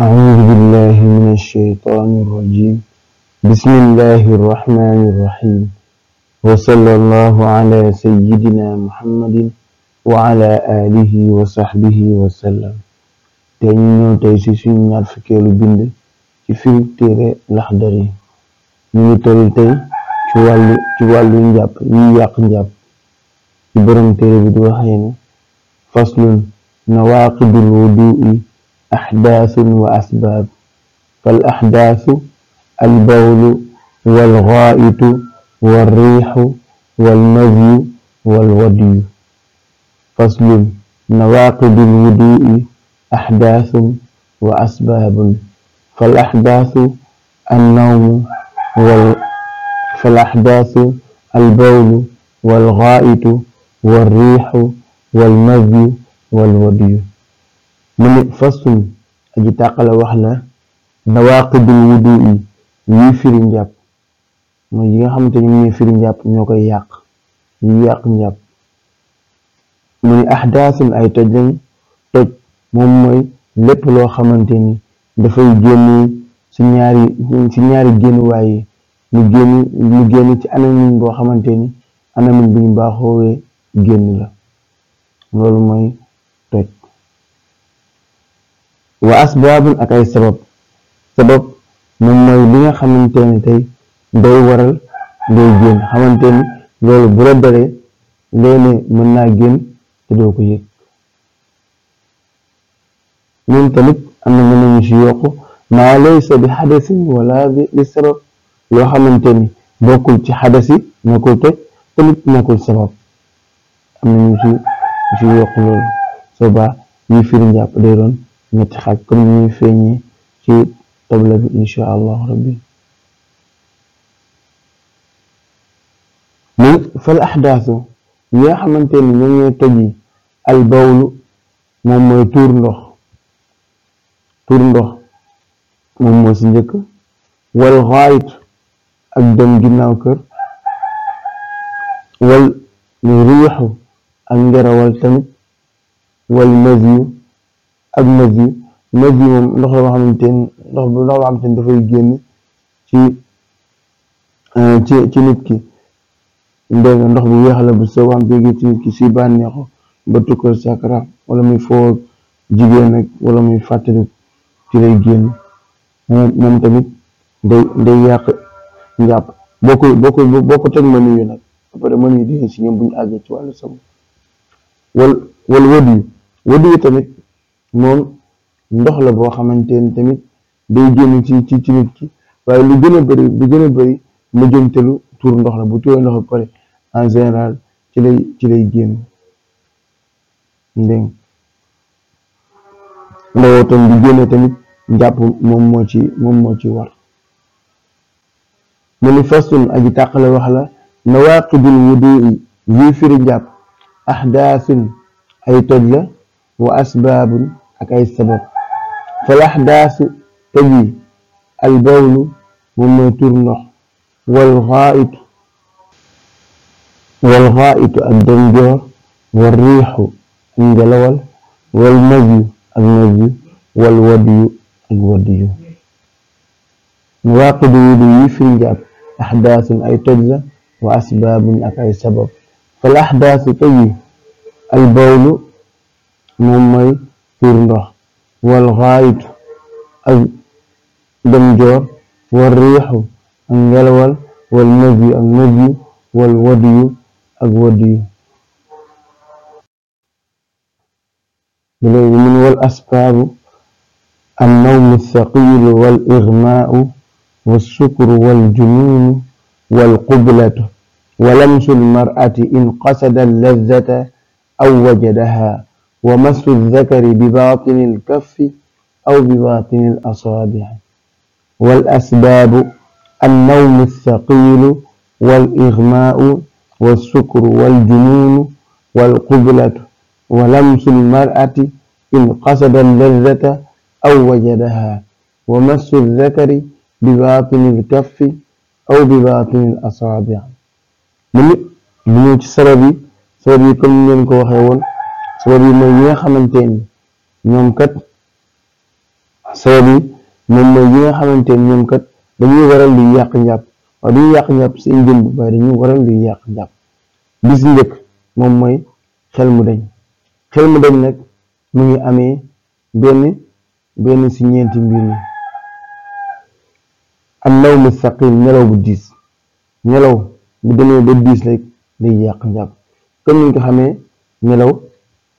أعوذ بالله من الشيطان الرجيم بسم الله الرحمن الرحيم وصلى الله على سيدنا محمد وعلى آله وصحبه وسلم tey ñu ñëw tey ci suñu ñaar fukkeelu bind ci firi téere Laxdari ñu ngi toll tey ci wàllu ci wàllu njàpp yi yàq njàpp ci borom téere bi di waxee ne faslun nawaqidul wudu'i axdaasun wa asbaab fal axdaasu albawlu walxaayitu walriixu walmazyu walwadyu faslun nawaaqidu lwudui axdaasun wa asbaabun fal axdaasu annawmu fal axdaasu albawlu walxaayitu walriixu walmazyu walwadyu mu ne faslun aji tàqale wax na nawaaqidul wudu yi yuy firi njàpp mooy yi nga xamante mu ñooy firi njàpp ñoo koy yàq yuy yàq njàpp mu ne ahdaasun ay toj lañ moom mooy lépp loo xamante ni dafay génn ci ñaari ci ñaari génnuwaay yi mu génn mu génn ci anamin boo xamante ni anamin bi ñu baaxoowee génn la loolu mooy wa asbaabun ak ay sabab sabab moom mooy li nga xamante day waral ngay génn xamante ni loolu bu la dalee léene mën naa génn te doo ko yëg ñun tamit am na mën nañu ci yokk maa laysa bi xadasin wala bi sabab loo xamante ni bokkul ci xadasi nekkul toj tamit nekkul sabab am nañu ci ci yokk loolu soo yi firi njàpp day doon ñetti xaaj comme ñuy feeñee ci tabla bi incha rabbi min fal axdaasu ñi nga xamante ni ñoom ñooy toji al bawlu moom mooy tuur ndox tuur ndox moom si njëkk wal xaayit ak dem ginnaaw kër wal riixu ak ngerawal tamit wal maziyu ak nag yi moom ndox la boo xamante ni ndox ndox la boo xamante dafay génn euh, ci ci nit ki dégg ndox bu weex la bu soo am bégee ci nit ki si bànneexu ba tukkal sakara wala muy foo jigéen ak wala muy fàttali ci lay génn moom tamit day day yàq njàpp boo ko boo ko boo ko teg mënu yu nag après mënu yu di si ñoom bu ñu àggee ci wàllu sabu wal wal wëdd yu wëdd yu tamit moom ndox la boo xamante ni tamit day génn ci ci ci ki waaye lu gën a bëri lu gën a bëri mujjantelu ndox la bu tuuree ndox ba pare en général ci lay ci lay génne tamit njàpp moom moo ci moom moo ci war mu ni fasun tàq la wax la nawaqidul wudui yuy firi njàpp ahdaasun ay toj la wa asbaabun ak ay sabab fal axdaasu tëj yi albawlu moom mooy tur ndox wal xaayitu wal xaayitu ak donjoor wal riixu ak ngelawal wal najyu ak najyu wal wadiyu ak wadiyu nawaaqidu wudu yi fi njàpp axdaasun ay toj la wa asbaabun ak ay sabab fal axdaasu tëj yi albawlu moom mooy tuur ndox wal xaayitu ak demjoor wal riixu ak ngelawal wal nëbyu ak nëbyu wal wadiyu ak wadiyu léegi mun wal asbaabu annawmu thaqiilu wal igmaau والسكر والجنون والقبلة ولمس المرأة إن قصد اللذة أو وجدها ومس الذكر بباطن الكف أو بباطن الأصابع والأسباب النوم الثقيل والإغماء والسكر والجنون والقبلة ولمس المرأة إن قصد اللذة أو وجدها ومس الذكر بباطن الكف أو بباطن الأصابع mu ñëw ci sabab yi sabab yi comme ngeen ko waxee woon sabab yi mooy yi nga xamante ni ñoom kat sabab yi moom mooy yi nga xamante ni ñoom kat dañuy waral luy yàq njàpp waaye dañuy yàq njàpp seen jëmb waaye dañuy waral luy yàq njëkk moom mooy xel mu dañ xel mu dañ nag mu ngi amee benn benn ci ñeenti mbir yi am naw mu saqil nelaw bu diis nelaw bu demee ba diis rek day yàq njàpp comme ni nga xamee nelaw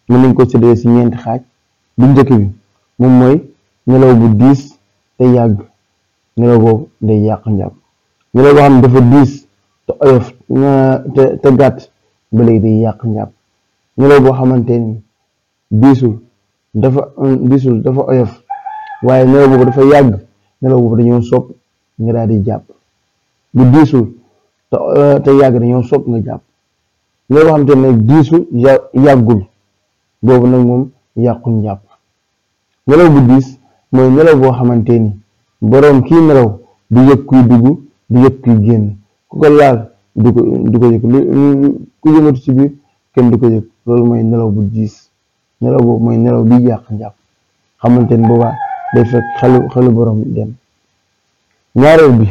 mën nañ ko séddale si ñeenti xaaj bu njëkk bi moom mooy nelaw bu diis te yàgg nelaw boobu day yàq njàpp nelaw boo xam dafa diis te oyof te te gàtt ba léegi day yàq njàpp boo xamante ni diisul dafa diisul dafa oyof waaye nelaw boobu dafa yàgg nelaw boobu dañoo sopp nga daal di jàpp bu diisul te te yàgg dañoo sopp nga jàpp nelaw boo xamante ne yàggul boobu nag moom yàqul njàpp nelaw bu diis mooy nelaw boo xamante ni boroom kii nelaw du yëg kuy dugg du yëg kuy génn ku ko laal du ko du yëg ku yëngatu ci biir kenn du ko yëg loolu mooy nelaw bu diis nelaw boobu mooy nelaw bi yàq njàpp xamante ni boobaa day fekk xelu xelu boroom dem ñaareel bi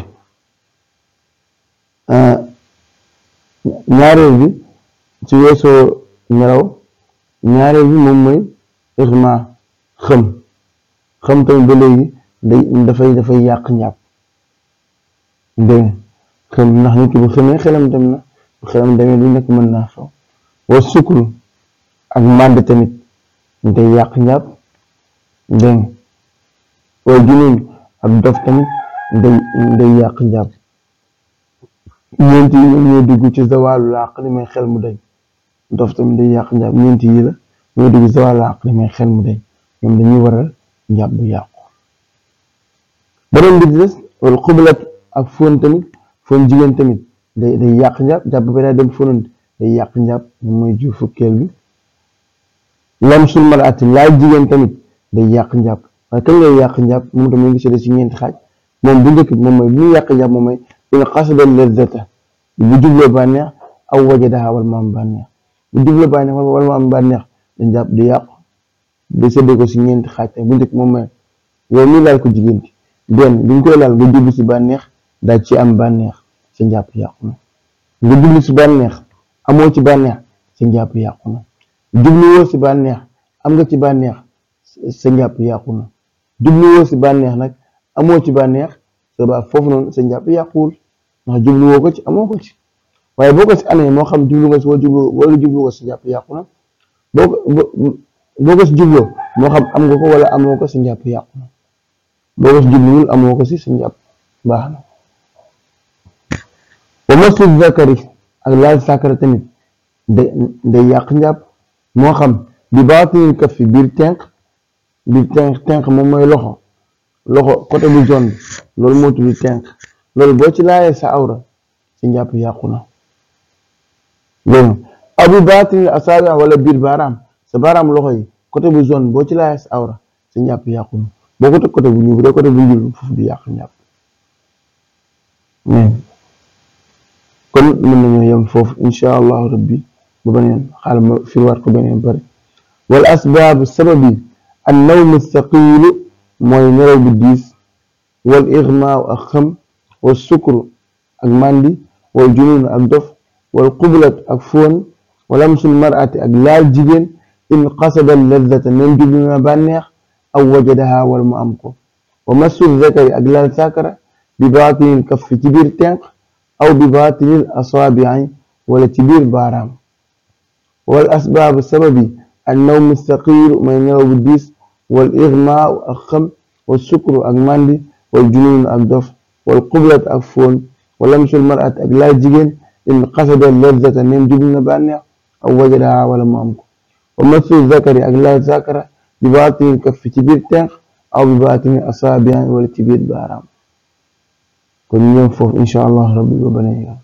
ah, ñaareel bi su weesoo nelaw ñaareel bi moom mooy irma xëm xëm tamit ba léegi dafay dafay yàq njàpp dégg xëm ndax ni ki bu xëmee xelam dem na bu xelam demee lu nekk mën naa xew wa sukkur ak màdd tamit day yàq njàpp dégg wa junun ak dof tamit day day yàq njàpp ñeenti ñoo dugg ci zawaalu làqli may xel mu dañ dof tamit day yàq njàpp ñeenti yi la boo dugg si wàllu li may xel mu deñ ñoom dañuy waral njàpp bu yàqu beneen bi di des wala ak fóon tamit fóon jigéen tamit day day yàq njàpp jàpp ba daa dem fóonante day yàq njàpp moom mooy ju fukkeel bi lamsul mar'ati laaj jigéen tamit day yàq njàpp waaye kañ lay yàq njàpp moom tamit ngi seede si ñeenti xaaj moom bu jëkk moom mooy bu ñu yàq njàpp moom mooy bu nga xasada lezzata bu jubloo bànneex aw wajadaha wal maam bànneex bu développé nag wala mu am bànneex dañ jàpp di yàqu di séddee ko si ñeenti xaaj bu njëkk moom mooy yow mii laal ko jigéen ki benn bi koy laal nga jublu si bànneex daa ci am bànneex sa jàpp yàqu na nga jublu si amoo ci bànneex sa njàpp yàqu na si bànneex am nga ci bànneex sa jàpp yàqu na jubluwoo si bànneex nag amoo ci bànneex sa ba foofu noonu sa njàpp yàquwul ndax jubluwoo ko ci amoo ko ci. waaye boo ko si anee moo xam jublu nga si wala jublu wala jublu nga si njàpp yàqu na boo ko boo ko si jubloo moo xam am nga ko wala amoo ko si njàpp yàqu na boo ko si amoo ko si si njàpp baax na ba zakari ak laal sàkkara tamit day day yàq njàpp moo xam bi baatinil kaf fi biir tenq biir tenq tenq moom mooy loxo loxo côté bu jaune loolu moo tudd tenq loolu boo ci laayee sa awra si njàpp yàqu na dégg abu baatin asaabi wala biir baaraam sa baaraam loxo yi côté bu zone boo ci laajee sa awra sa njàpp yàqu na boo ko teg bu ñuul bu dee bu ñuul foofu du yàq njàpp kon mën nañu yem foofu incha allahu rabbi bu beneen xaal ma firiwaat ko beneen bari wal asbaabu sabab an nawmu saqiilu mooy nelaw bu diis wal igmaa wal sukru ak mandi wal junuun ak dof wal qublat ak fóon wala musul mar'ati ak laal jigéen in qasada lazzata nem jublu na bànneex aw wajadaha wala mu am ko wa massu zakari ak laal saakara bi baatinil kaffi ci biir tenq aw bi baatinil asaabi'i wala ci biir baaraam wal asbaabu sababi annawmu saqiiru may nelaw bu diis wal igmaa'u ak xam wal sukru ak mandi wal junuunu ak dof wal qublat ak fóon wala musul mar'ati ak laal jigéen in qasada lazzata neem jublu na bànneex aw wajada wala mu am ko wa masu zakari ak laaj zakara bi baatini kaffi ci biir tenq aw bi baatini asaabiyan wala ci biir baaraam kon ñoom foofu incha allah rabbi ba bane